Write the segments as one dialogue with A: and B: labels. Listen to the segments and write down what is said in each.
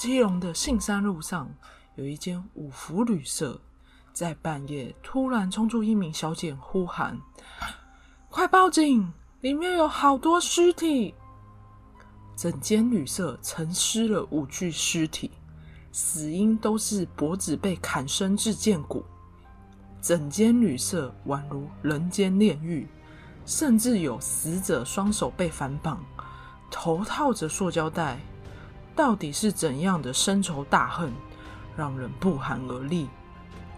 A: 基隆的信三路上有一間五福旅社，在半夜突然衝出一名小姐呼喊 ：“快報警！裡面有好多屍體！”整間旅社陳屍了五具屍體，死因都是脖子被砍深至見骨。整間旅社宛如人間煉獄，甚至有死者雙手被反綁，頭套着塑膠袋。到底是怎樣的深仇大恨，讓人不寒而栗，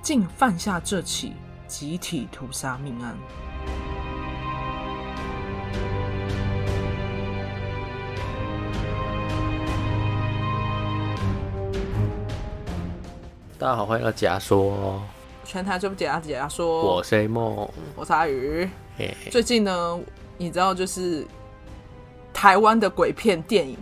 A: 竟犯下這起集體屠殺命案？
B: 大家好，歡迎到假說，
A: 哦，全台最不假的假說。我
B: 是夢，嗯，我是阿宇。最
A: 近呢，你知道就是台灣的鬼片電影。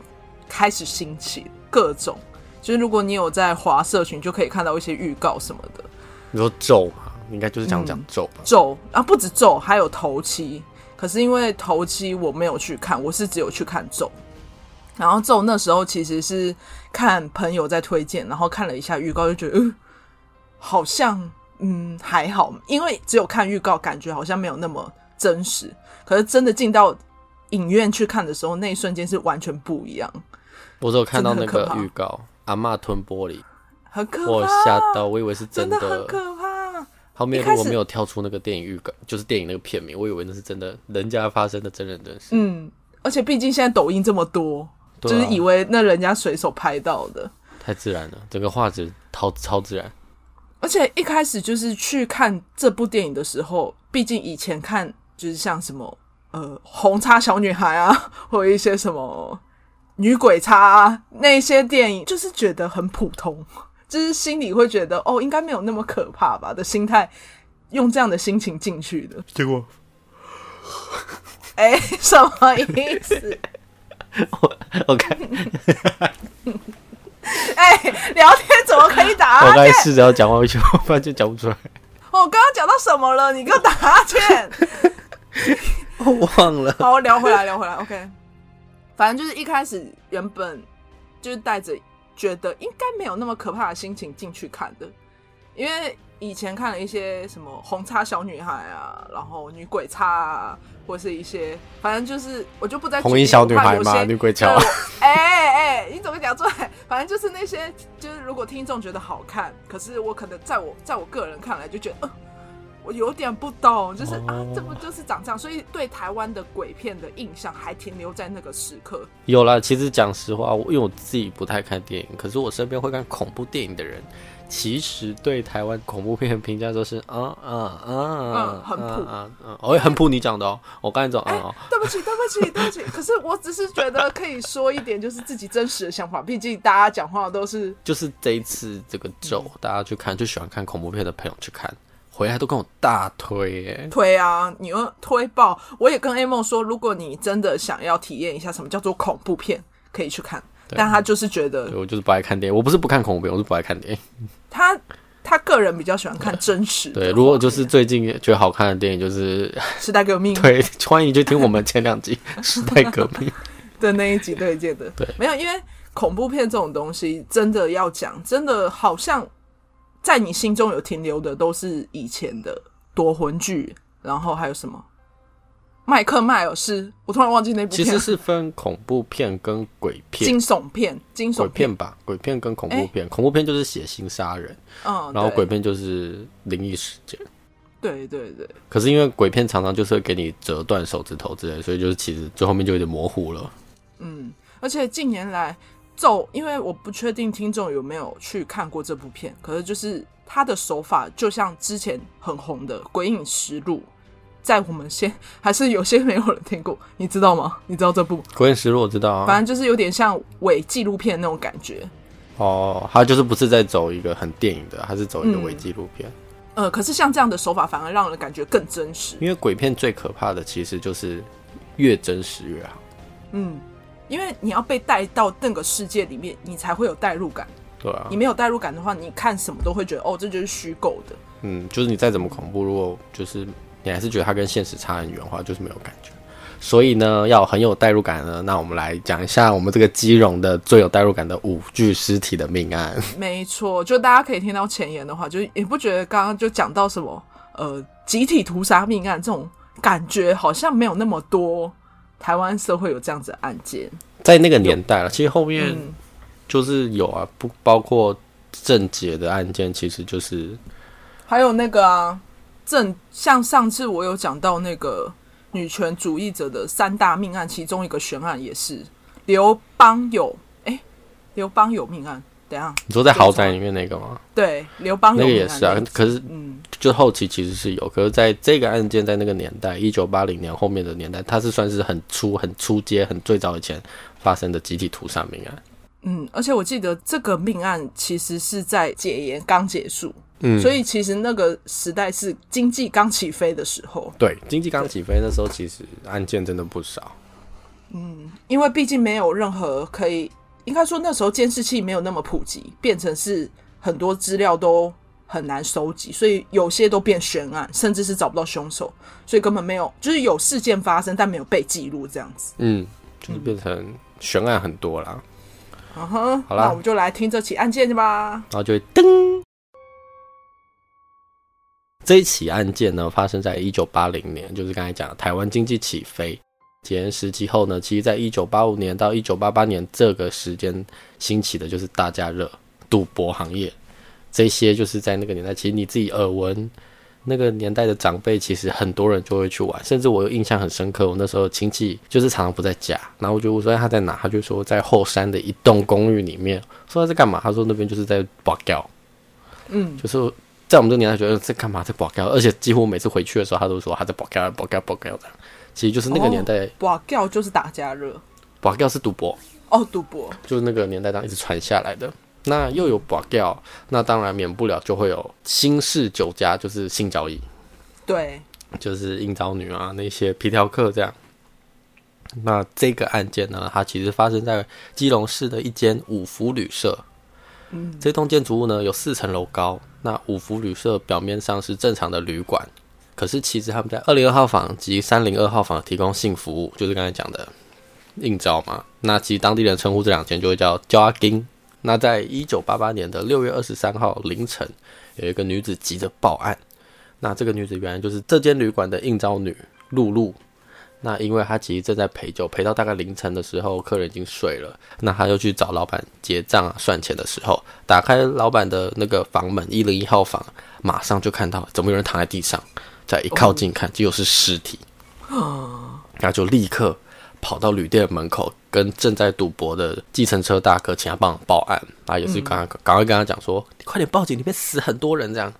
A: 開始興起，各種就是如果你有在滑社群，就可以看到一些預告什麼的。
B: 你說咒嘛，應該就是這樣講咒吧？
A: 嗯、咒啊，不止咒，還有頭七。可是因為頭七我沒有去看，我是只有去看咒。然後咒那時候其實是看朋友在推薦，然後看了一下預告，就覺得、呃、好像嗯還好，因為只有看預告，感覺好像沒有那麼真實。可是真的進到影院去看的時候，那一瞬間是完全不一樣。
B: 我只有看到那個預告，阿嬤吞玻璃，很可怕，我嚇到，我以為是真的，真的很可
A: 怕。後面如果沒有
B: 跳出那個電影預告，就是電影那個片名，我以為那是真的，人家發生的真人真事。
A: 嗯，而且畢竟現在抖音這麼多，對啊，就是以為那人家隨手拍到的，
B: 太自然了，整個畫質超超自然。
A: 而且一開始就是去看這部電影的時候，畢竟以前看就是像什麼呃紅衣小女孩啊，或者一些什麼。女鬼差、啊、那些電影，就是覺得很普通，就是心裡會覺得哦，應該沒有那麼可怕吧的心態，用這樣的心情進去的結果，哎、欸，什麼意思？我，OK，哎、 欸，聊天怎麼可以打？我剛才試
B: 着要講話，為什麼不然就講不出來？
A: 我剛剛講到什麼了？你給我打哈欠。我忘了。好，我聊回來，聊回來，OK。反正就是一開始原本就是帶着覺得應該沒有那麼可怕的心情進去看的，因為以前看了一些什麼紅叉小女孩啊，然後女鬼叉啊，或是一些反正就是我就不再意紅衣小女孩嗎？女鬼橋？哎哎、欸欸欸，你怎麼講出來？反正就是那些，就是如果聽眾覺得好看，可是我可能在我在我個人看來就覺得。呃我有點不懂，就是啊，這不就是長這樣。所以對台灣的鬼片的印象還停留在那個時刻。
B: 有啦，其實講實話，我因為我自己不太看電影，可是我身邊會看恐怖電影的人，其實對台灣恐怖片的評價都是啊啊啊，嗯，很普，嗯、欸、嗯、喔，我也很普你講的哦。我剛才走，哎、嗯喔，對
A: 不起，對不起，對不起。 可是我只是覺得可以說一點，就是自己真實的想法。畢竟大家講話都是，
B: 就是這一次這個咒，大家去看，就喜歡看恐怖片的朋友去看。回來都跟我大推耶！
A: 推啊，你又推爆！我也跟 A 夢說，如果你真的想要體驗一下什麼叫做恐怖片，可以去看。但他就是覺得，
B: 就我就是不愛看電影。我不是不看恐怖片，我是不愛看電影。
A: 他他個人比較喜歡看真實。
B: 對，如果就是最近覺得好看的電影，就是《
A: 時代革命》。對，
B: 歡迎就聽我們前兩集《 時代革命》
A: 的 那一集對戒的。對，沒有，因為恐怖片這種東西，真的要講，真的好像。在你心中有停留的都是以前的奪魂劇，然後還有什麼？麥克邁爾斯，我突然忘記那部片。其實是
B: 分恐怖片跟鬼片、驚
A: 悚片、驚悚
B: 片鬼片吧，鬼片跟恐怖片。欸、恐怖片就是血腥殺人，嗯，然後鬼片就是靈異事件。
A: 對對對。
B: 可是因為鬼片常常就是會給你折斷手指頭之類的，所以就是其實最後面就有點模糊了。
A: 嗯，而且近年來。走，因為我不確定聽眾有沒有去看過這部片，可是就是他的手法就像之前很紅的《鬼影實錄》，在我們先還是有些沒有人聽過，你知道嗎？你知道這部《
B: 鬼影實錄》？我知道啊，反正
A: 就是有點像偽紀錄片那種感覺。
B: 哦，他就是不是在走一個很電影的，他是走一個偽紀錄片。
A: 嗯。呃，可是像這樣的手法反而讓人感覺更真實，
B: 因為鬼片最可怕的其實就是越真實越好。嗯。
A: 因為你要被帶到那個世界裡面，你才會有代入感。
B: 對啊，你沒有
A: 代入感的話，你看什麼都會覺得哦，這就是虛構的。嗯，
B: 就是你再怎麼恐怖，如果就是你還是覺得它跟現實差很遠的話，就是沒有感覺。所以呢，要有很有代入感呢，那我們來講一下我們這個基隆的最有代入感的五具屍體的命案。
A: 沒錯，就大家可以聽到前言的話，就是也不覺得剛剛就講到什麼呃集體屠殺命案這種感覺，好像沒有那麼多。台灣社會有這樣子的案件，
B: 在那個年代了，其實後面就是有啊，不包括鄭捷的案件，其實就是
A: 還有那個啊，正像上次我有講到那個女權主義者的三大命案，其中一個懸案也是劉邦友，哎、欸，劉邦友命案。等一下，你說在豪
B: 宅裡面那個嗎？
A: 對，劉邦那個也是啊。可是，嗯，
B: 就後期其實是有、嗯，可是在這個案件在那個年代，一九八零年後面的年代，它是算是很初、很初階、很最早以前發生的集體屠殺命案。
A: 嗯，而且我記得這個命案其實是在解嚴剛結束，嗯，所以其實那個時代是經濟剛起飛的時候。
B: 對，經濟剛起飛那時候，其實案件真的不少。嗯，
A: 因為畢竟沒有任何可以。應該說那時候監視器沒有那麼普及，變成是很多資料都很難收集，所以有些都變懸案，甚至是找不到兇手，所以根本沒有，就是有事件發生但沒有被記錄這樣子。
B: 嗯，就是變成懸案很多啦。啊、嗯、
A: 哈，uh-huh, 好啦，那我們就來聽這起案件吧。
B: 然後就會噔，這一起案件呢，發生在一九八零年，就是剛才講的台灣經濟起飛。結十實後呢，其實在一九八五年到一九八八年這個時間興起的就是大家樂賭博行業，這些就是在那個年代，其實你自己耳聞，那個年代的長輩其實很多人就會去玩，甚至我有印象很深刻，我那時候親戚就是常常不在家，然後我就問說他在哪？他就說在後山的一棟公寓裡面，說他在幹嘛，他說那邊就是在保鏢，嗯，就是我在我們這個年代覺得、欸、在幹嘛在保鏢？而且幾乎每次回去的時候，他都說他在保鏢，保鏢，保鏢的。其實就是那個年代，哦、
A: 拔掉就是大家樂，
B: 拔掉是賭博哦，賭博就是那個年代當一直傳下來的。那又有拔掉、嗯、那當然免不了就會有新式酒家，就是性交易，對，就是應召女啊那些皮條客這樣。那這個案件呢，它其實發生在基隆市的一間五福旅社。嗯，這棟建築物呢有四層樓高。那五福旅社表面上是正常的旅館。可是其實他們在二零二號房及三零二號房提供性服務，就是剛才講的應召嘛。那其實當地人稱呼這兩間就會叫嬌阿金。那在一九八八年的六月二十三號凌晨，有一個女子急着報案。那這個女子原來就是這間旅館的應召女露露。那因為她其實正在陪酒，陪到大概凌晨的時候，客人已經睡了。那她又去找老闆結賬啊算錢的時候，打開老闆的那個房門一零一號房，馬上就看到怎麼有人躺在地上。再一靠近看，就、oh. 是屍體 那然後就立刻跑到旅店的門口，跟正在賭博的計程車大哥請他幫忙報案啊！也是趕趕快跟他講、嗯、說：“你快點報警，裡面死很多人。”這樣。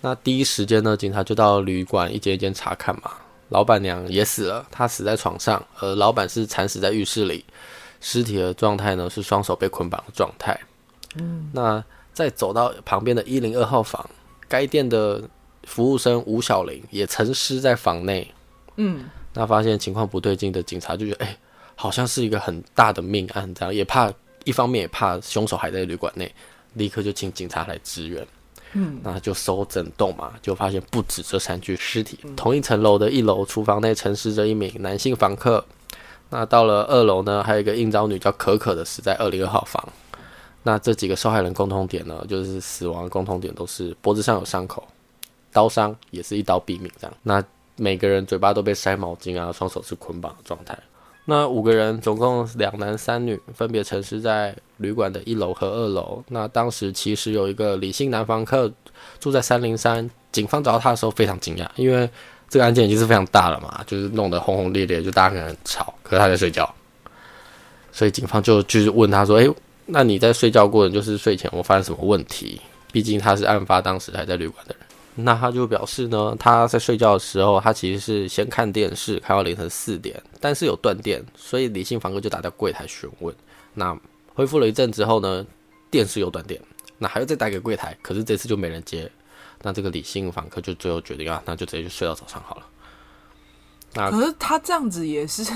B: 那第一時間呢，警察就到旅館一間一間查看嘛。老板娘也死了，她死在床上；而老板是慘死在浴室裡，屍體的狀態呢是雙手被捆綁的狀態。嗯，那再走到旁邊的一零二號房，該店的，服務生吳小玲也陳屍在房內，嗯，那發現情況不對勁的警察就覺得，哎、欸，好像是一個很大的命案，這樣也怕，一方面也怕兇手還在旅館內，立刻就請警察來支援，嗯，那就搜整棟嘛，就發現不止這三具屍體、嗯，同一層樓的一樓廚房內陳屍着一名男性房客，那到了二樓呢，還有一個應召女叫可可的死在二零二號房，那這幾個受害人共同點呢，就是死亡的共同點都是脖子上有傷口。刀傷也是一刀斃命，這樣。那每個人嘴巴都被塞毛巾啊，雙手是捆綁的狀態。那五個人總共兩男三女，分別陳屍在旅館的一樓和二樓。那當時其實有一個李姓男房客住在三零三，警方找到他的時候非常驚訝，因為這個案件已經是非常大了嘛，就是弄得轟轟烈烈，就大家可能很吵，可是他在睡覺，所以警方就就是問他說：“誒、欸，那你在睡覺過程，就是睡前，我發生什麼問題？畢竟他是案發當時還在旅館的人。”那他就表示呢，他在睡覺的時候，他其實是先看電視，看到凌晨四點，但是有斷電，所以李姓房客就打到櫃檯詢問。那恢復了一陣之後呢，電視又斷電，那還要再打給櫃檯，可是這次就沒人接。那這個李姓房客就最後決定啊，那就直接就睡到早上好了。那是是是，可
A: 是他這樣子也是，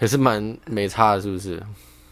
B: 也是蠻沒差的，是不是？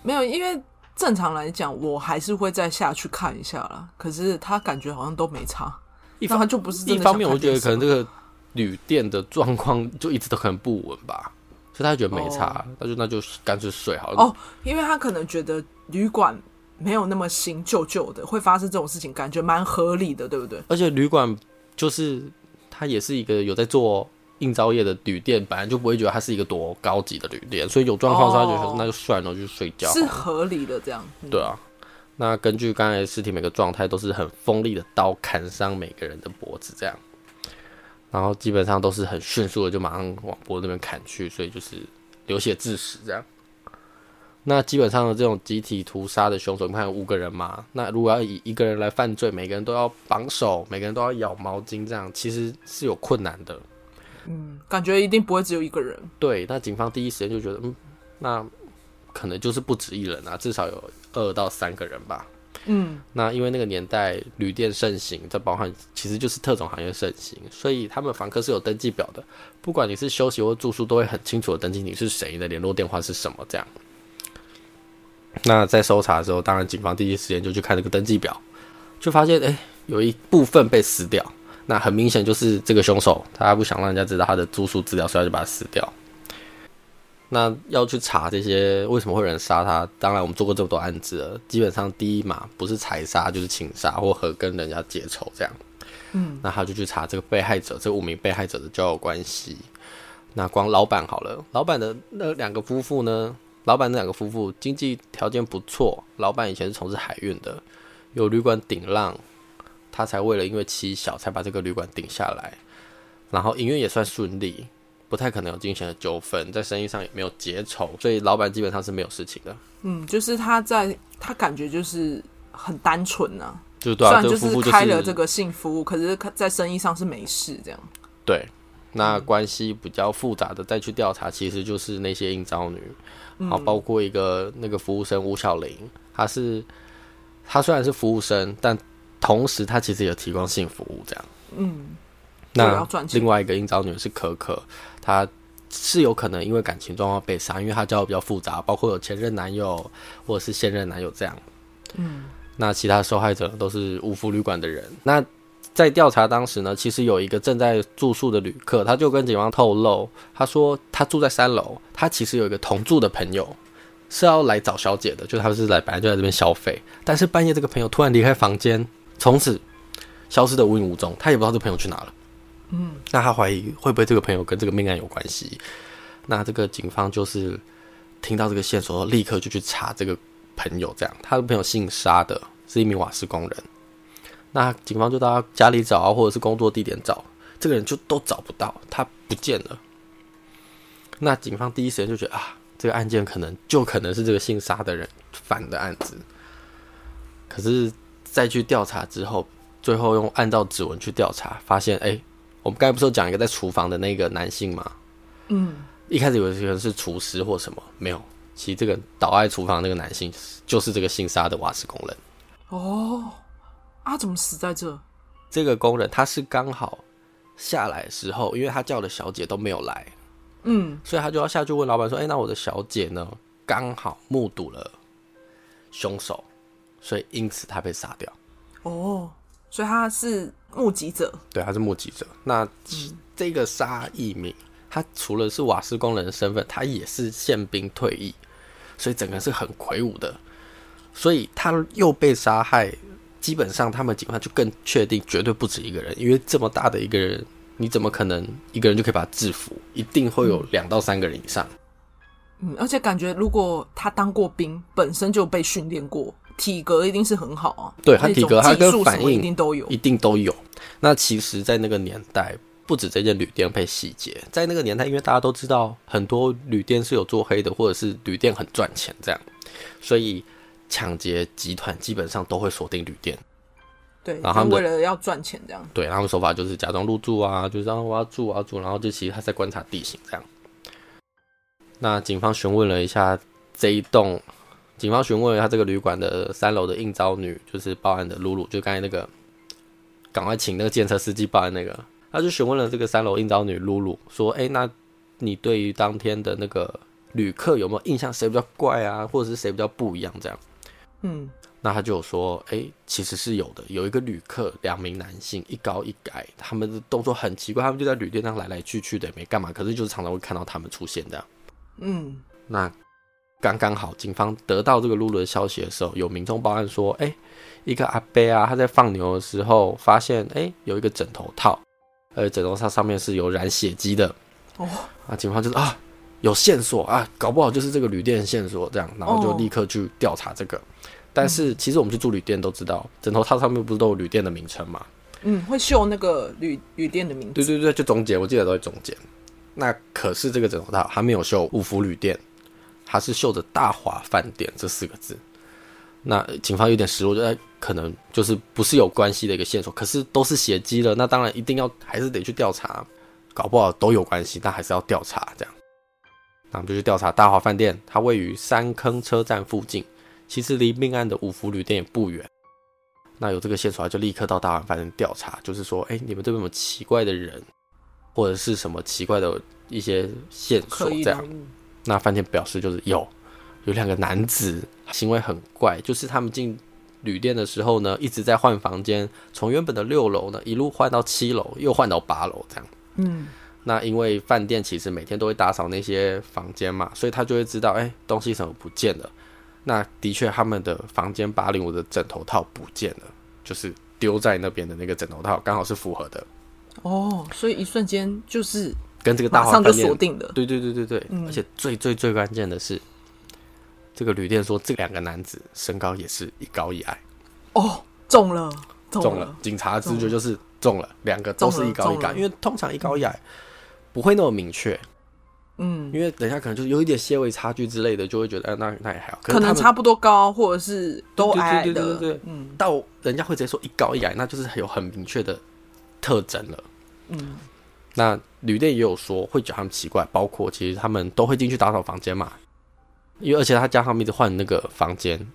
A: 沒有，因為正常來講，我還是會再下去看一下啦，可是他感覺好像都沒差。一方就不是一方面，我覺得可能這
B: 個旅店的狀況就一直都很不穩吧，所以他覺得沒差，他、oh. 就那就乾脆睡好了。哦、
A: oh,，因為他可能覺得旅館沒有那麼新，舊舊的會發生這種事情，感覺蠻合理的，對不對？
B: 而且旅館就是他也是一個有在做應召業的旅店，本來就不會覺得他是一個多高級的旅店，所以有狀況他就、oh. 那就睡了，就睡覺是
A: 合理的這樣。對
B: 啊。那根據剛才屍體每個狀態都是很鋒利的刀砍傷每個人的脖子，這樣，然後基本上都是很迅速的就馬上往脖子那邊砍去，所以就是流血致死這樣。那基本上的這種集體屠殺的兇手，你看有五個人嘛，那如果要以一個人來犯罪，每個人都要綁手，每個人都要咬毛巾，這樣其實是有困難的。嗯，
A: 感覺一定不會
B: 只有一個人。對，那警方第一時間就覺得，嗯，那可能就是不止一人啊，至少有。二到三個人吧，嗯，那因為那個年代旅店盛行，這包含其實就是特種行業盛行，所以他們房客是有登記表的，不管你是休息或住宿，都會很清楚的登記你是誰的，聯絡電話是什麼這樣。那在搜查的時候，當然警方第一時間就去看那個登記表，就發現哎、欸，有一部分被撕掉，那很明顯就是這個兇手，他不想讓人家知道他的住宿資料，所以他就把它撕掉。那要去查這些，為什麼會有人殺他？當然，我們做過這麼多案子了，基本上第一嘛，不是財殺就是情殺或和跟人家結仇這樣。嗯，那他就去查這個被害者，這五名被害者的交友關係。那光老板好了，老板的那兩個夫婦呢？老板那兩個夫婦經濟條件不錯，老板以前是從事海運的，有旅館頂浪，他才為了，因為妻小才把這個旅館頂下來，然後營運也算順利。不太可能有金錢的糾紛，在生意上也沒有結仇，所以老板基本上是沒有事情的。
A: 嗯，就是他在他感覺就是很單純呢、啊，就是、啊、雖然就是開了這個性服務、這個就是，可是在生意上是沒事這樣。
B: 對，那關係比較複雜的、嗯、再去調查，其實就是那些應召女，
A: 啊、嗯，包
B: 括一個那個服務生吳曉玲，她是她雖然是服務生，但同時她其實也提供性服務這樣。嗯，
A: 我要賺錢，
B: 那另外一個應召女是可可。他是有可能因為感情狀況被殺，因為他交往比較複雜，包括有前任男友或者是現任男友這樣。嗯，那其他受害者都是五福旅館的人。那在調查當時呢，其實有一個正在住宿的旅客，他就跟警方透露，他說他住在三樓，他其實有一個同住的朋友是要來找小姐的，就是他是來本來就在這邊消費，但是半夜這個朋友突然離開房間，從此消失的無影無蹤，他也不知道這朋友去哪了。嗯，那他懷疑會不會這個朋友跟這個命案有關係？那這個警方就是聽到這個線索，立刻就去查這個朋友。這樣他的朋友姓沙的，是一名瓦斯工人。那警方就到他家裡找啊，或者是工作地點找，這個人就都找不到，他不見了。那警方第一時間就覺得啊，這個案件可能就可能是這個姓沙的人犯的案子。可是再去調查之後，最後用按照指紋去調查，發現哎。欸我們剛才不是有講一個在廚房的那個男性嗎？嗯，一開始以為是廚師或什麼，沒有。其實這個倒在廚房的那個男性，就是這個姓沙的瓦斯工人。
A: 哦，啊，怎麼死在這？
B: 這個工人他是剛好下來的時候，因為他叫的小姐都沒有來，
A: 嗯，
B: 所以他就要下去問老闆說：“哎、欸，那我的小姐呢？”剛好目睹了兇手，所以因此他被殺掉。
A: 哦。所以他是目擊者，
B: 對，他是目擊者。那、嗯、這個沙一明，他除了是瓦斯工人的身份，他也是憲兵退役，所以整個人是很魁梧的。所以他又被殺害，基本上他們警方就更確定，絕對不止一個人，因為這麼大的一個人，你怎麼可能一個人就可以把他制服？一定會有兩到三個人以上。
A: 嗯，而且感覺如果他當過兵，本身就被訓練過。體格一定是很好啊，對他體格，他跟反應一定都有，嗯、一
B: 定都有。那其實，在那個年代，不止這間旅店被洗劫，在那個年代，因為大家都知道，很多旅店是有做黑的，或者是旅店很賺錢這樣，所以搶劫集團基本上都會鎖定旅店。
A: 對，然後他們為了要賺錢這樣。
B: 對，他們手法就是假裝入住啊，就是讓他挖住啊住，然後就其實他在觀察地形這樣。那警方詢問了一下這一棟。警方詢問了他這個旅館的三樓的應召女，就是報案的露露，就剛才那個趕快請那個電測司機報案那個，他就詢問了這個三樓應召女露露，說：“哎、欸，那你對於當天的那個旅客有沒有印象？誰比較怪啊，或者是誰比較不一樣？”這樣，嗯，那他就說：“哎、欸，其實是有的，有一個旅客，兩名男性，一高一矮，他們的動作很奇怪，他們就在旅店上來來去去的，也沒幹嘛，可是就是常常會看到他們出現的、啊。”嗯，那。剛剛好，警方得到這個露露的消息的時候，有民眾報案說：“哎、欸，一個阿伯啊，他在放牛的時候發現，哎、欸，有一個枕頭套，呃，枕頭套上面是有染血跡的。”哦，啊，警方就是啊，有線索啊，搞不好就是這個旅店線索，這樣，然後就立刻去調查這個。哦、但是其實我們去住旅店都知道，枕頭套上面不是都有旅店的名稱嗎？
A: 嗯，會繡那個旅旅店的名字。對
B: 對對，就總結，我記得都在總結。那可是這個枕頭套還沒有繡五福旅店，他是繡着“大華飯店”這四個字，那警方有點失落，覺得可能就是不是有關係的一個線索。可是都是血跡了，那當然一定要還是得去調查，搞不好都有關係，但還是要調查。這樣，那我們就去調查大華飯店，它位於三坑車站附近，其實離命案的五福旅店也不遠。那有這個線索，就立刻到大華飯店調查，就是說，哎、欸，你們這邊有什麼奇怪的人，或者是什麼奇怪的一些線索，這樣。那飯店表示就是有有兩個男子行為很怪，就是他們進旅店的時候呢，一直在換房間，從原本的六樓呢一路換到七樓，又換到八樓這樣。嗯，那因為飯店其實每天都會打掃那些房間嘛，所以他就會知道，欸，東西怎麼不見了？那的確，他們的房間八零五的枕頭套不見了，就是丟在那邊的那個枕頭套，剛好是符合的。
A: 哦，所以一瞬間就是。跟這個大畫面馬上就鎖定的，
B: 對對對對對，嗯，而且最最最關鍵的是，這個旅店說，這兩個男子身高也是一高一矮
A: 哦。哦，中了，中了！警
B: 察直覺就是中了，兩個都是一高一矮，因為通常一高一矮，嗯，不會那麼明確。
A: 嗯，
B: 因為等下可能就是有一點些微差距之類的，就會覺得哎，那那也還好可，可能差
A: 不多高，或者是都矮，矮的。對對對對對對對，
B: 嗯，到人家會直接說一高一矮，那就是有很明確的特徵了。嗯。那旅店也有說會覺得很奇怪，包括其實他們都會進去打掃房間嘛，因為而且他家他們一直換那個房間，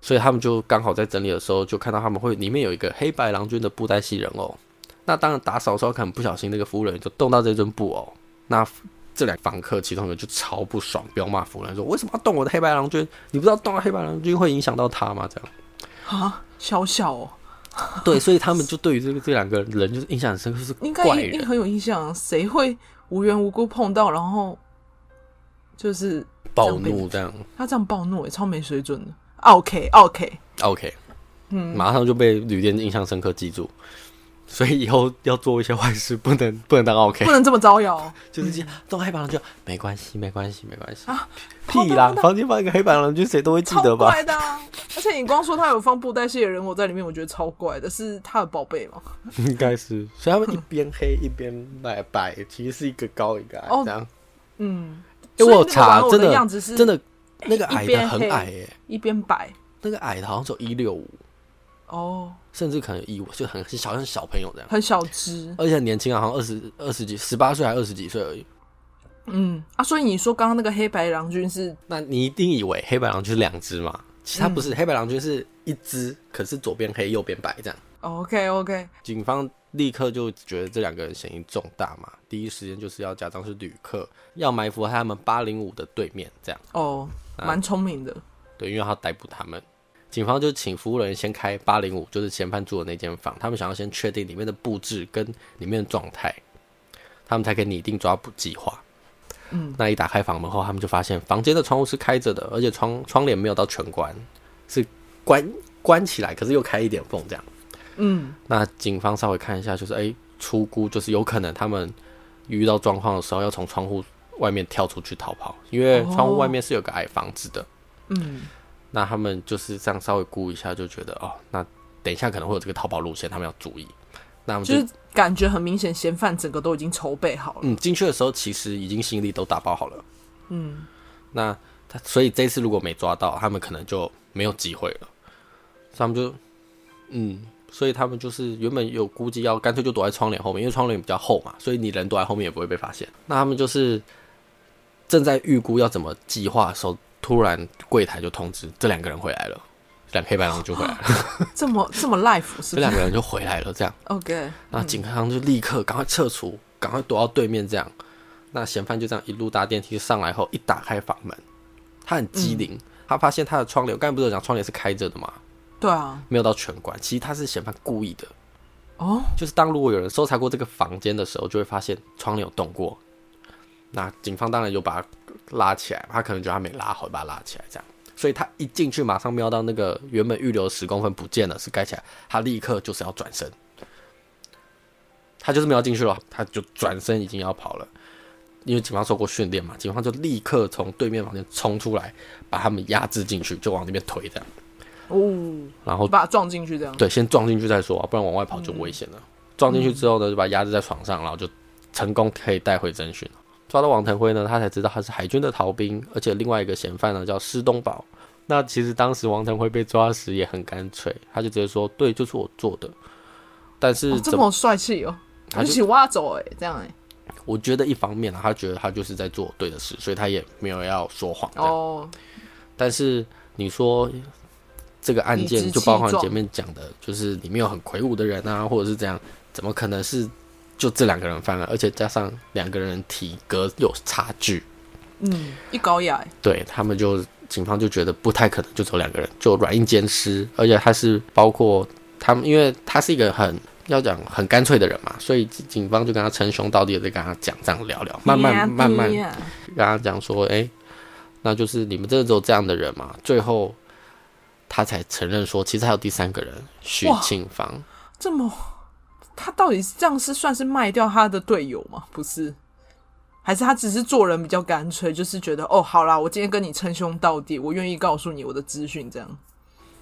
B: 所以他們就剛好在整理的時候就看到他們會裡面有一個黑白郎君的布袋戲人偶。那當然打掃的時候可能不小心那個服務人員就動到這尊布偶，那這兩房客其中有一個就超不爽，不要罵服務人員說，為什麼要動我的黑白郎君？你不知道動了黑白郎君會影響到他嗎？這樣
A: 啊，小小哦。
B: 對，所以他們就對於這個這兩個人， 人就是印象很深刻是怪，是應該一定
A: 很有印象啊。誰會無緣無故碰到，然後就是暴怒這樣？他這樣暴怒也超沒水準的。OK，OK，OK，okay, okay. okay. 嗯，馬
B: 上就被旅店印象深刻記住。嗯所以以後要做一些壞事，不能不能當 OK，不能
A: 這麼招搖， 就是這樣，東黑
B: 白郎就沒關係，沒關係，沒關係啊！屁啦、哦，房間放一個黑白郎、啊、就誰都會記得吧？
A: 的。而且你光說他有放布袋戲的人偶在裡面，我覺得超怪的，是他的寶貝嗎？ 應
B: 該是，所以他們一邊黑一邊白白，其實是一個高一個矮、哦、這樣。
A: 嗯，欸、我查真的真的，那個矮的很矮，一邊、欸、一邊白
B: 那個矮的好像走一六五。哦、oh，甚至可能以為就很小，像小朋友這樣，很小只，而且很年輕啊，好像二十二十幾，十八歲還二十幾歲而已。嗯，
A: 啊，所以你說剛剛那個黑白郎君是，那你
B: 一定以為黑白郎君是兩只嘛？其實他不是，嗯、黑白郎君是一只，可是左邊黑，右邊白這樣。
A: Oh, OK OK，
B: 警方立刻就覺得這兩個人嫌疑重大嘛，第一時間就是要假裝是旅客，要埋伏在他們八零五的對面這樣。
A: 哦、oh，蠻聰明的，
B: 對，因為他逮捕他們。警方就請服務人員先開八零五，就是嫌犯住的那間房。他們想要先確定裡面的布置跟裡面的狀態，他們才可以擬定抓捕計劃。嗯，那一打開房門後，他們就發現房間的窗戶是開着的，而且窗窗簾沒有到全關，是關關起來，可是又開一點縫這樣。嗯，那警方稍微看一下，就是哎，出、欸、估就是有可能他們遇到狀況的時候要從窗戶外面跳出去逃跑，因為窗戶外面是有個矮房子的。哦、嗯。那他們就是這樣稍微估一下，就覺得哦，那等一下可能會有這個逃跑路線，他們要注意。那他們就，就
A: 是感覺很明顯，嫌犯整個都已經籌備好了。嗯，
B: 進去的時候其實已經行李都打包好了。
A: 嗯，
B: 那他所以這次如果沒抓到，他們可能就沒有機會了。他們就嗯，所以他們就是原本有估計要乾脆就躲在窗簾後面，因為窗簾比較厚嘛，所以你人躲在後面也不會被發現。那他們就是正在預估要怎麼計劃的時候。突然櫃檯就通知這兩個人回來了，兩個黑白狼就回來了。啊、
A: 這麼這麼 life 是不是？兩個人
B: 就回來了，這樣。
A: OK。那
B: 警方就立刻趕快撤出、嗯，趕快躲到對面。這樣，那嫌犯就這樣一路搭電梯上來後，一打開房門，他很機靈、嗯，他發現他的窗簾，剛才不是講窗簾是開着的嗎？
A: 對啊，
B: 沒有到全關。其實他是嫌犯故意的。哦、oh?，就是當如果有人搜查過這個房間的時候，就會發現窗簾有動過。那警方當然就把。拉起來，他可能覺得他沒拉好，把他拉起來這樣，所以他一進去馬上瞄到那個原本預留的十公分不見了，是蓋起來，他立刻就是要轉身，他就是瞄進去了，他就轉身已經要跑了，因為警方受過訓練嘛，警方就立刻從對面房間衝出來，把他們壓制進去，就往那邊推這樣，
A: 哦，然後把他撞進去這樣，對，
B: 先撞進去再說，不然往外跑就危險了。嗯，撞進去之後呢，就把他壓制在床上，然後就成功可以帶回偵訊了。抓到王騰輝呢，他才知道他是海軍的逃兵，而且另外一個嫌犯呢叫施東寶。那其實當時王騰輝被抓時也很乾脆，他就直接說：“對，就是我做的。”但是麼、哦、這麼帥氣
A: 哦，他就一起挖走誒、欸。這樣誒、欸，
B: 我覺得一方面呢、啊，他覺得他就是在做對的事，所以他也沒有要說謊。哦。但是你說這個案件，就包含前面講的，就是裡面有很魁梧的人啊，或者是這樣，怎麼可能是？就這兩個人犯了，而且加上兩個人體格有差距，嗯，
A: 一高一矮，
B: 對，他們就警方就覺得不太可能就只有兩個人，就軟硬兼施，而且他是包括他們，因為他是一個很要講很乾脆的人嘛，所以警方就跟他稱兄道弟的在跟他講，這樣聊聊，慢慢慢慢跟他講說，哎、欸，那就是你們真的只有這樣的人嘛？最後他才承認說，其實還有第三個人許慶芳，
A: 這麼。他到底這樣是算是賣掉他的隊友嗎？不是，還是他只是做人比較乾脆，就是覺得哦，好啦，我今天跟你稱兄道弟，我願意告訴你我的資訊，這樣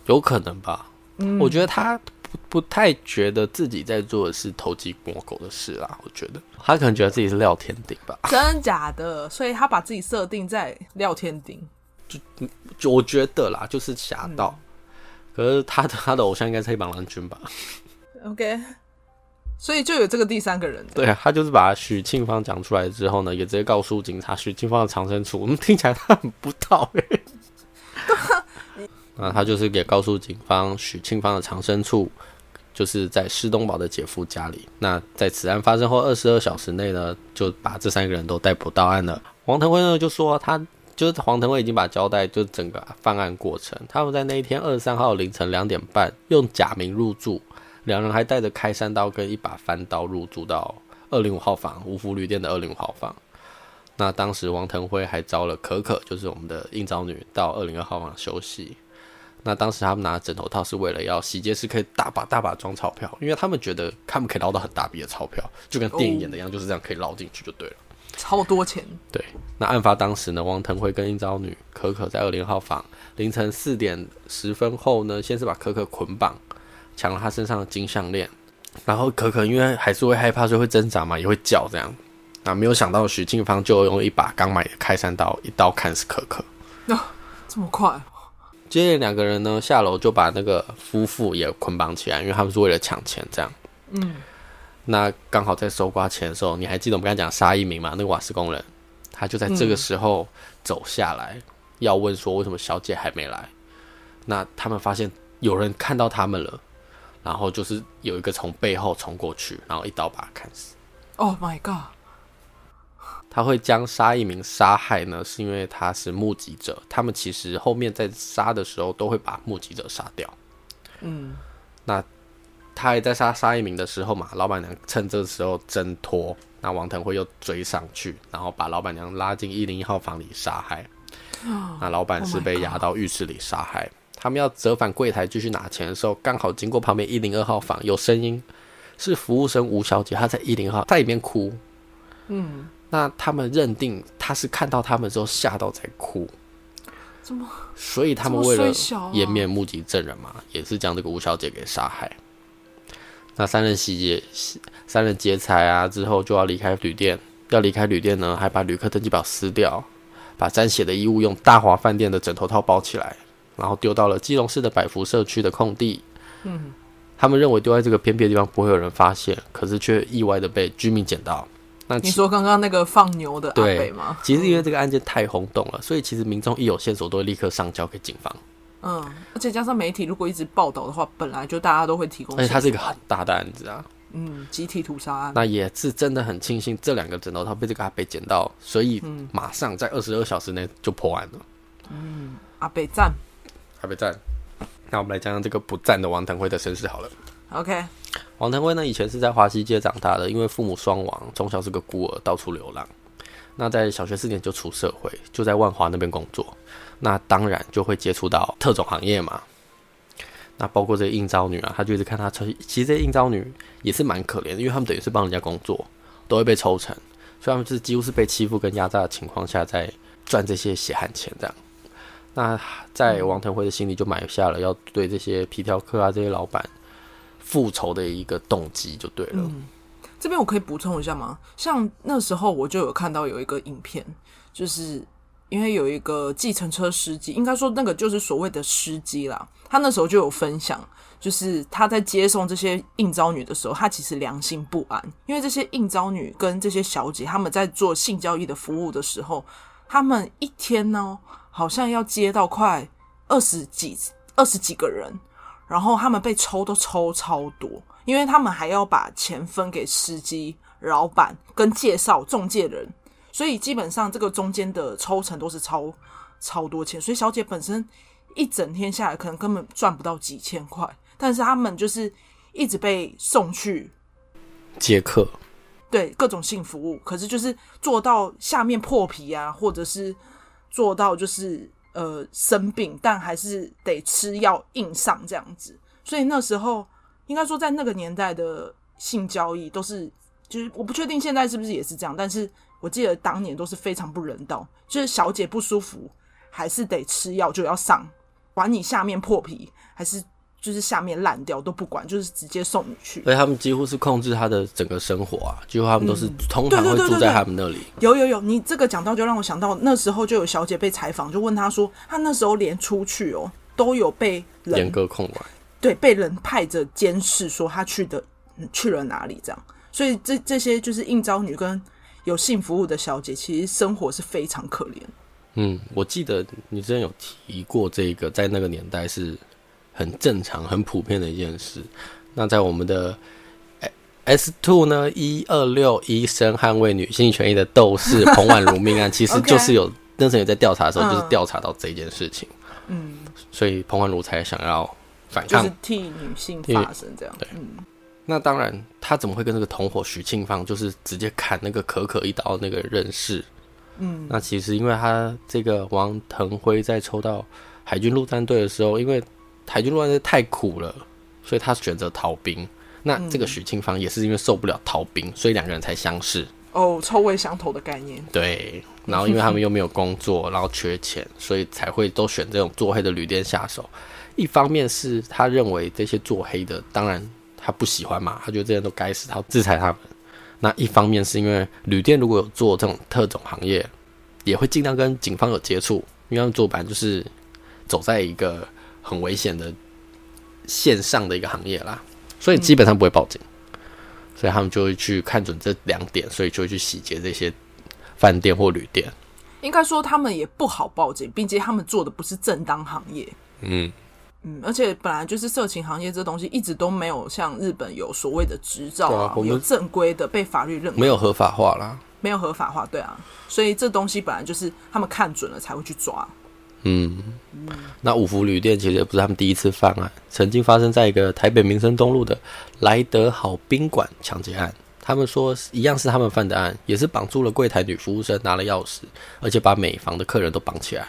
B: 有可能吧？嗯，我覺得他不，不太覺得自己在做的是偷雞摸狗的事啊。我覺得他可能覺得自己是廖添丁吧，
A: 真的假的？所以他把自己設定在廖添丁，就，
B: 就我覺得啦，就是俠盜、嗯。可是他的他的偶像應該是黑幫郎君吧
A: ？OK。所以就有這個第三個人，對對，對啊，
B: 他就是把許沁芳講出來之後呢，也直接告訴警察許沁芳的藏身處。我們聽起來他很不道哎、欸， 那他就是給告訴警方許沁芳的藏身處，就是在施東寶的姐夫家裡。那在此案發生後二十二小時內呢，就把這三個人都逮捕到案了。黃騰輝呢就說他，他就是黃騰輝已經把交代就整個犯案過程。他們在那一天二十三號凌晨兩點半用假名入住。兩人還帶着開山刀跟一把翻刀入住到二零五號房，五福旅店的二零五號房。那當時王騰輝還招了可可，就是我們的應召女，到二零二號房休息。那當時他們拿枕頭套是為了要洗劫時可以大把大把裝鈔票，因為他們覺得他們可以撈到很大筆的鈔票，就跟電影演的一樣，就是這樣可以撈進去就對了。
A: 哦，超多錢。
B: 對，那案發當時呢，王騰輝跟應召女可可在二零二號房凌晨四點十分後呢，先是把可可捆綁。搶了他身上的金項鏈，然後可可因為還是會害怕，就會掙扎嘛，也會叫這樣。啊，沒有想到許靜芳就用一把剛買的開山刀，一刀砍死可可。
A: 那、啊、這麼快？
B: 接着兩個人呢下樓就把那個夫婦也捆綁起來，因為他們是為了搶錢這樣。嗯。那剛好在搜刮錢的時候，你還記得我們剛才講沙一鳴嗎？那個瓦斯工人，他就在這個時候走下來、嗯，要問說為什麼小姐還沒來。那他們發現有人看到他們了。然後就是有一個從背後衝過去，然後一刀把他砍死。
A: Oh my god！
B: 他會將沙一鳴殺害呢，是因為他是目擊者。他們其實後面在殺的時候都會把目擊者殺掉。嗯、
A: mm.，
B: 那他還在殺沙一鳴的時候嘛，老板娘趁這個時候掙脫，那王騰輝又追上去，然後把老板娘拉進一零一號房裡殺害。Oh、那老板是被押到浴室裡殺害。他們要折返櫃檯繼續拿錢的時候，剛好經過旁邊一零二號房，有聲音，是服務生吳小姐，她在一零二號在裡面哭。嗯，那他們認定她是看到他們之後嚇到才哭，所以他們為了顏面目擊證人嘛，啊、也是將這個吳小姐給殺害。那三人洗劫、三人劫財啊，之後就要離開旅店，要離開旅店呢，還把旅客登記表撕掉，把沾血的衣物用大華飯店的枕頭套包起來。然後丟到了基隆市的百福社區的空地。嗯，他們認為丟在這個偏僻的地方不會有人發現，可是卻意外地被居民撿到。那你
A: 說剛剛那個放牛的阿北嗎？
B: 其實因為這個案件太轟動了，嗯，所以其實民眾一有線索都會立刻上交給警方。
A: 嗯，而且加上媒體如果一直報道的話，本來就大家都會提供。哎，它是一個很
B: 大的案子啊。嗯，
A: 集體屠殺案。那
B: 也是真的很慶幸這兩個枕頭他被這個阿北撿到，所以馬上在二十二小時內就破案了。嗯，嗯阿北贊。特別讚，那我們來講講這個不讚的王騰輝的身世好了。OK，王騰輝呢以前是在華西街長大的，因為父母雙亡，從小是個孤兒，到處流浪。那在小學四年就出社會，就在萬華那邊工作。那當然就會接觸到特種行業嘛。那包括這個應召女啊，她就一直看她抽。其實這些應召女也是蠻可憐的，因為他們等於是幫人家工作，都會被抽成，所以他們就是幾乎是被欺負跟壓榨的情況下在賺這些血汗錢這樣。那在王騰輝的心裡就埋下了要對這些皮條客啊這些老闆復仇的一個動機，就對
A: 了。嗯，這邊我可以補充一下嗎？像那時候我就有看到有一個影片，就是因為有一個計程車司機，應該說那個就是所謂的司機啦。他那時候就有分享，就是他在接送這些應召女的時候，他其實良心不安，因為這些應召女跟這些小姐他們在做性交易的服務的時候，他們一天呢、喔。好像要接到快二十幾二十幾個人，然後他們被抽都抽超多，因為他們還要把錢分給司機、老闆跟介紹仲介人，所以基本上這個中間的抽成都是超超多錢。所以小姐本身一整天下來可能根本賺不到幾千塊，但是他們就是一直被送去接客，對各種性服務，可是就是做到下面破皮啊，或者是。做到就是呃生病，但還是得吃藥硬上這樣子。所以那時候應該說，在那個年代的性交易都是，就是我不確定現在是不是也是這樣，但是我記得當年都是非常不人道，就是小姐不舒服還是得吃藥就要上，管你下面破皮還是。就是下面爛掉都不管，就是直接送你去。所以
B: 他們幾乎是控制他的整個生活啊，幾乎他們都是通常會住在他們那裡。嗯、對對對對
A: 對有有有，你這個講到就讓我想到那時候就有小姐被採訪，就問她說，她那時候連出去哦、喔、都有被
B: 嚴格控管，
A: 對，被人派着監視，說她去的去了哪裡這樣。所以這這些就是應召女跟有性服務的小姐，其實生活是非常可憐。
B: 嗯，我記得你之前有提過這個，在那個年代是，很正常、很普遍的一件事。那在我們的 S Two 呢？一二六醫生捍衛女性權益的鬥士彭婉如命案， 其實就是有當時也在調查的時候，就是調查到這件事情。嗯，所以彭婉如才想要反抗，
A: 就是、替女性發聲這樣。對、嗯，
B: 那當然，他怎麼會跟那個同夥徐慶芳，就是直接砍那個可可一刀那個認識？嗯，那其實因為他這個王騰輝在抽到海軍陸戰隊的時候，因為台軍亂得太苦了，所以他選擇逃兵。那這個許慶芳，也是因為受不了逃兵，嗯、所以兩個人才相識。
A: 哦，臭味相投的概念。
B: 對。然後因為他們又沒有工作，然後缺錢，所以才會都選這種做黑的旅店下手。一方面是他認為這些做黑的，當然他不喜歡嘛，他覺得這些都該死，他制裁他們。那一方面是因為旅店如果有做這種特種行業，也會盡量跟警方有接觸，因為他們做本來就是走在一個。很危險的線上的一個行業啦，所以基本上不會報警，嗯。所以他們就會去看準這兩點，所以就會去洗劫這些飯店或旅店。
A: 應該說他們也不好報警，並且他們做的不是正當行業。嗯嗯，而且本來就是色情行業，這東西一直都沒有像日本有所謂的執照啊，對啊，有正規的被法律認可，沒有
B: 合法化啦，
A: 沒有合法化，對啊，所以這東西本來就是他們看準了才會去抓。
B: 嗯，那五福旅店，其實也不是他們第一次犯案，啊，曾經發生在一個台北民生東路的萊德好賓館搶劫案。他們說一樣是他們犯的案，也是綁住了櫃檯女服務生，拿了鑰匙，而且把每房的客人都綁起來，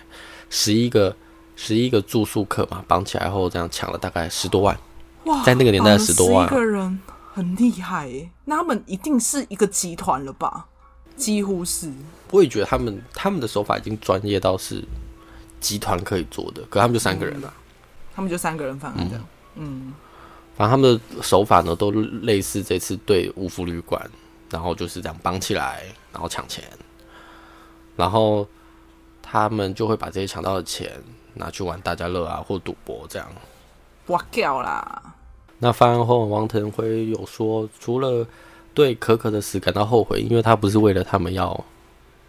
B: 十一個十一個住宿客嘛，綁起來後這樣搶了大概十多萬。哇，在那個年代十多萬，一個
A: 人很厲害誒。那他們一定是一個集團了吧？幾乎是。我、嗯、也覺得他們
B: 他們的手法已經專業到是。集團可以做的，可他們就三個人啊、嗯，他
A: 們就三個人，反正
B: 這樣，嗯，反正他們的手法呢，都類似這次對五福旅館，然後就是這樣綁起來，然後搶錢，然後他們就會把這些搶到的錢拿去玩大家樂啊，或賭博
A: 這樣。哇靠啦！
B: 那反正，王騰輝有說，除了對可可的死感到後悔，因為他不是為了他們要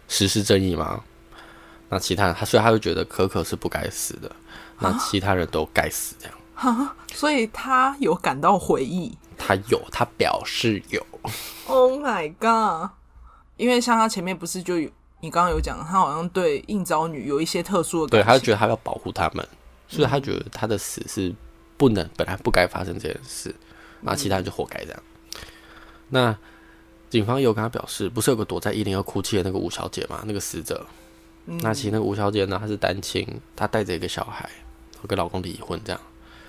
B: 實施正義嗎？那其他人，他所以他會覺得可可是不該死的，啊，那其他人都該死這樣，啊。
A: 所以他有感到回憶，
B: 他有，他表示有。
A: Oh my god！因為像他前面不是就有你剛剛有講，他好像對應召女有一些特殊的感，對，他
B: 就覺得他要保護他們，所以他覺得他的死是不能，嗯，本來不該發生這件事，那其他人就活該這樣。嗯，那警方有跟他表示，不是有個躲在一零二哭泣的那個五小姐嗎？那個死者。 那其實那個吳小姐呢，她是單親，她帶着一個小孩，跟老公離婚這樣。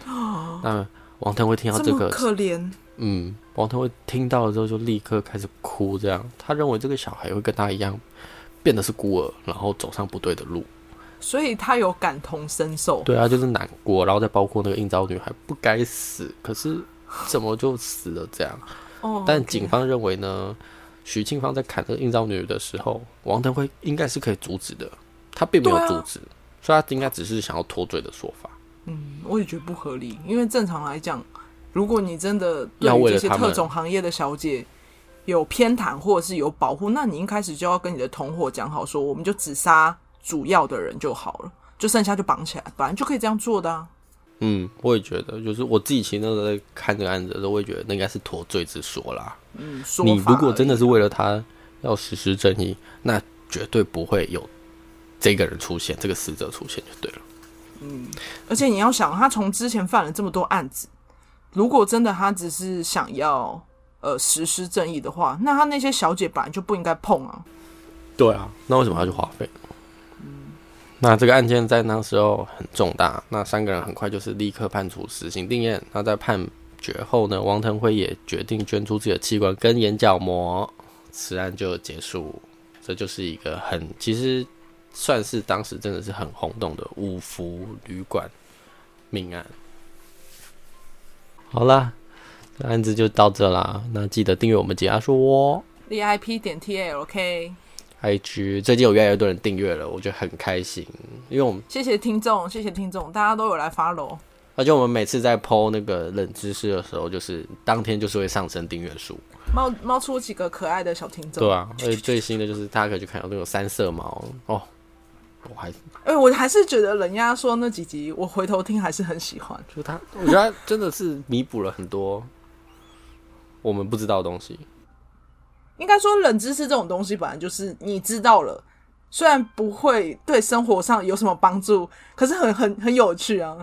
A: 哦。那
B: 王騰會聽到這個，這可憐。嗯。王騰會聽到了之後，就立刻開始哭，這樣。他認為這個小孩會跟他一樣，變得是孤兒，然後走上不對的路。
A: 所以他有感同身受。對啊，就
B: 是難過，然後再包括那個應召女孩不該死，可是怎麼就死了這樣。哦。Okay。但警方認為呢？徐慶芳在砍這個應召女的時候，王登輝應該是可以阻止的，他並沒有阻止，啊、所以他應該只是想要脫罪的說法。
A: 嗯，我也覺得不合理，因為正常來講，如果你真的對這些特種行業的小姐有偏袒或者是有保護，那你一開始就要跟你的同夥講好說，說我們就只殺主要的人就好了，就剩下就綁起來，反正就可以這樣做的啊。
B: 嗯，我也覺得，就是我自己其實都在看這個案子的時候，我也覺得那應該是脫罪之說啦。嗯
A: 說、啊，你如果真的
B: 是為了他要實施正義，那絕對不會有這個人出現，這個死者出現就對了。
A: 嗯，而且你要想，他從之前犯了這麼多案子，如果真的他只是想要呃實施正義的話，那他那些小姐本來就不應該碰啊。
B: 對啊，那為什麼要去花費？那這個案件在那時候很重大，那三個人很快就是立刻判處死刑定讞。那在判決後呢，王騰輝也決定捐出自己的器官跟眼角膜，此案就結束。這就是一個很，其實算是當時真的是很轟動的五福旅館命案。好啦，這案子就到這啦。那記得訂閱我們節目啊，說
A: VIP 點 TLK。
B: IG 最近有越來越多人訂閱了，我覺得很開心，因為我們
A: 謝謝聽眾，謝謝聽眾，大家都有來 follow，
B: 而且我們每次在 po 那個冷知識的時候，就是當天就是會上升訂閱數，冒
A: 冒出幾個可愛的小聽眾，對啊去去去去，而且
B: 最新的就是大家可以去看，都有三色毛哦，我還
A: 哎、欸，我還是覺得人家說那幾集，我回頭聽還是很喜歡，就他，
B: 我覺得他真的是彌補了很多 我們不知道的東西。
A: 應該說冷知識這種東西，本來就是你知道了，雖然不會對生活上有什麼幫助，可是很很很有趣啊！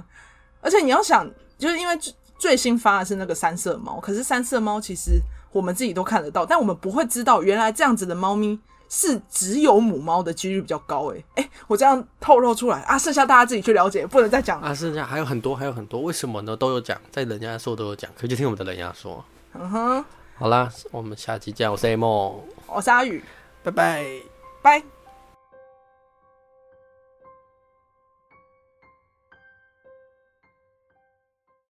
A: 而且你要想，就是因為最新發的是那個三色貓，可是三色貓其實我們自己都看得到，但我們不會知道原來這樣子的貓咪是只有母貓的幾率比較高。誒、欸、誒，我這樣透露出來啊，剩下大家自己去了解，不能再講啊！剩下還有很多，
B: 還有很多，為什麼呢？都有講，在人家的時候都有講，可以去聽我們的人家說。嗯哼。好啦，我們下期見。我是 a 莫，
A: 我是阿宇，拜拜，拜。